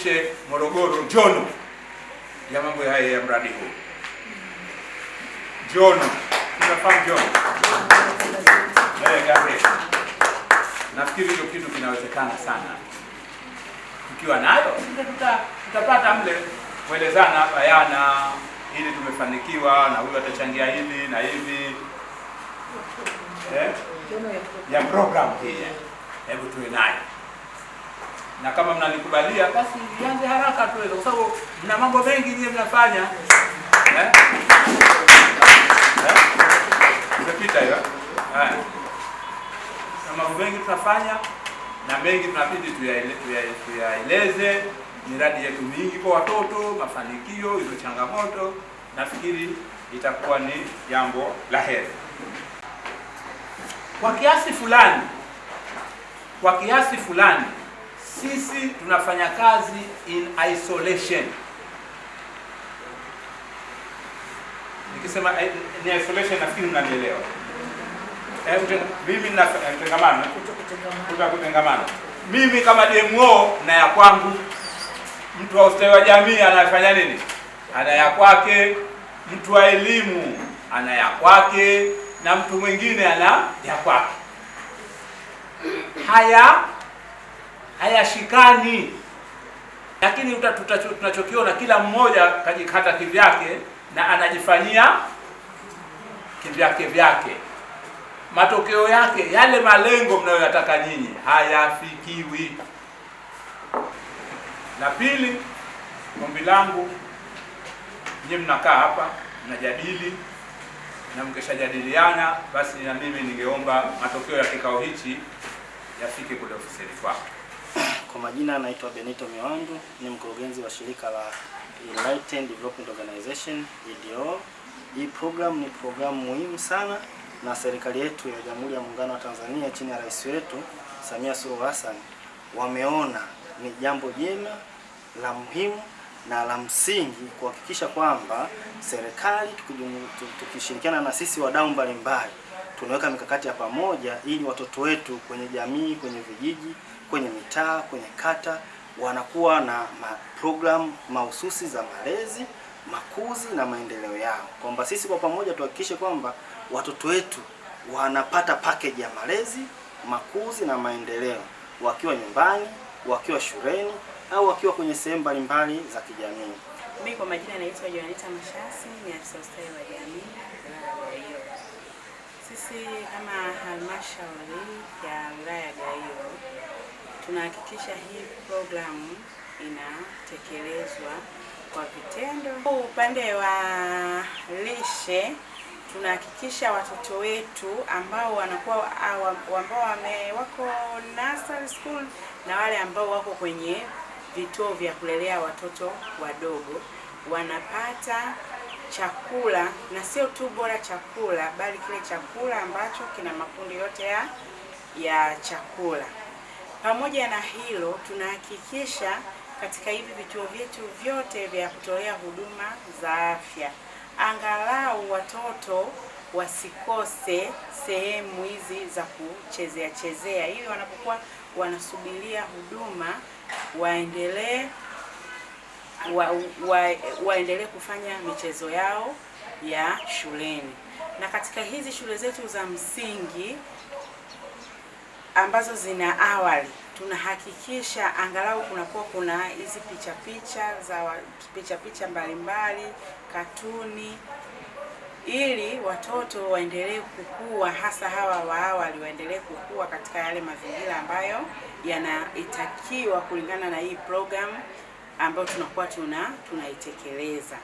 tukumbushe Morogoro jono ya mambo haya ya mradi huu njono, unafahamu njono nafikiri hiyo kitu kinawezekana sana. Tukiwa nayo tutapata mle kuelezana bayana, ili tumefanikiwa na huyu atachangia hili na hivi eh, ya program hii, eh. hebu tuwe nayo na kama mnalikubalia basi ianze haraka tu, kwa sababu mna mambo mengi nyie mnafanya eh? eh? hiyo eh? na mambo mengi tunafanya na mengi tunabidi tuyaeleze, miradi yetu mingi kwa watoto, mafanikio hizo, changamoto. Nafikiri itakuwa ni jambo la heri kwa kiasi fulani, kwa kiasi fulani sisi tunafanya kazi in isolation. Nikisema eh, ni isolation, nafikiri mnanielewa. Eh, mimi eh, kutengamana, mimi kama DMO na ya kwangu, mtu wa ustawi wa jamii anafanya nini, ana ya kwake, mtu wa elimu ana ya kwake, na mtu mwingine ana ya kwake haya hayashikani, lakini tunachokiona kila mmoja kajikata kivyake na anajifanyia kivyake vyake. Matokeo yake yale malengo mnayoyataka nyinyi hayafikiwi. La pili, ombi langu nyinyi, mnakaa hapa mnajadili na mkishajadiliana, basi na mimi ningeomba matokeo ya kikao hichi yafike kule ofisini kwako. Kwa majina anaitwa Benito Miwandu, ni mkurugenzi wa shirika la Enlightened Development Organization EDO. Hii program ni programu muhimu sana na serikali yetu ya Jamhuri ya Muungano wa Tanzania chini ya rais wetu Samia Suluhu Hassan wameona ni jambo jema la muhimu na la msingi kuhakikisha kwamba serikali tukishirikiana na sisi wadau mbalimbali tunaweka mikakati ya pamoja ili watoto wetu kwenye jamii, kwenye vijiji, kwenye mitaa, kwenye kata wanakuwa na program mahususi za malezi, makuzi na maendeleo yao, kwamba sisi kwa pamoja tuhakikishe kwamba watoto wetu wanapata package ya malezi, makuzi na maendeleo wakiwa nyumbani, wakiwa shuleni au wakiwa kwenye sehemu mbalimbali za kijamii. Mimi kwa majina naitwa Joanita Mashasi, ni afisa ustawi wa jamii wilaya ya Gairo. Sisi kama halmashauri ya wilaya ya Gairo tunahakikisha hii programu inatekelezwa kwa vitendo. Upande wa lishe tunahakikisha watoto wetu ambao wanakuwa ambao wame wako nursery school na wale ambao wako kwenye vituo vya kulelea watoto wadogo wanapata chakula na sio tu bora chakula, bali kile chakula ambacho kina makundi yote ya, ya chakula. Pamoja na hilo, tunahakikisha katika hivi vituo vyetu vyote vya kutolea huduma za afya angalau watoto wasikose sehemu hizi za kuchezea chezea, ili wanapokuwa wanasubiria huduma waendelee wa, wa, waendelee kufanya michezo yao ya shuleni. Na katika hizi shule zetu za msingi ambazo zina awali tunahakikisha angalau kunakuwa kuna hizi picha picha za picha picha mbalimbali, katuni ili watoto waendelee kukua, hasa hawa wa awali waendelee kukua katika yale mazingira ambayo yanaitakiwa kulingana na hii programu ambayo tunakuwa tuna tunaitekeleza.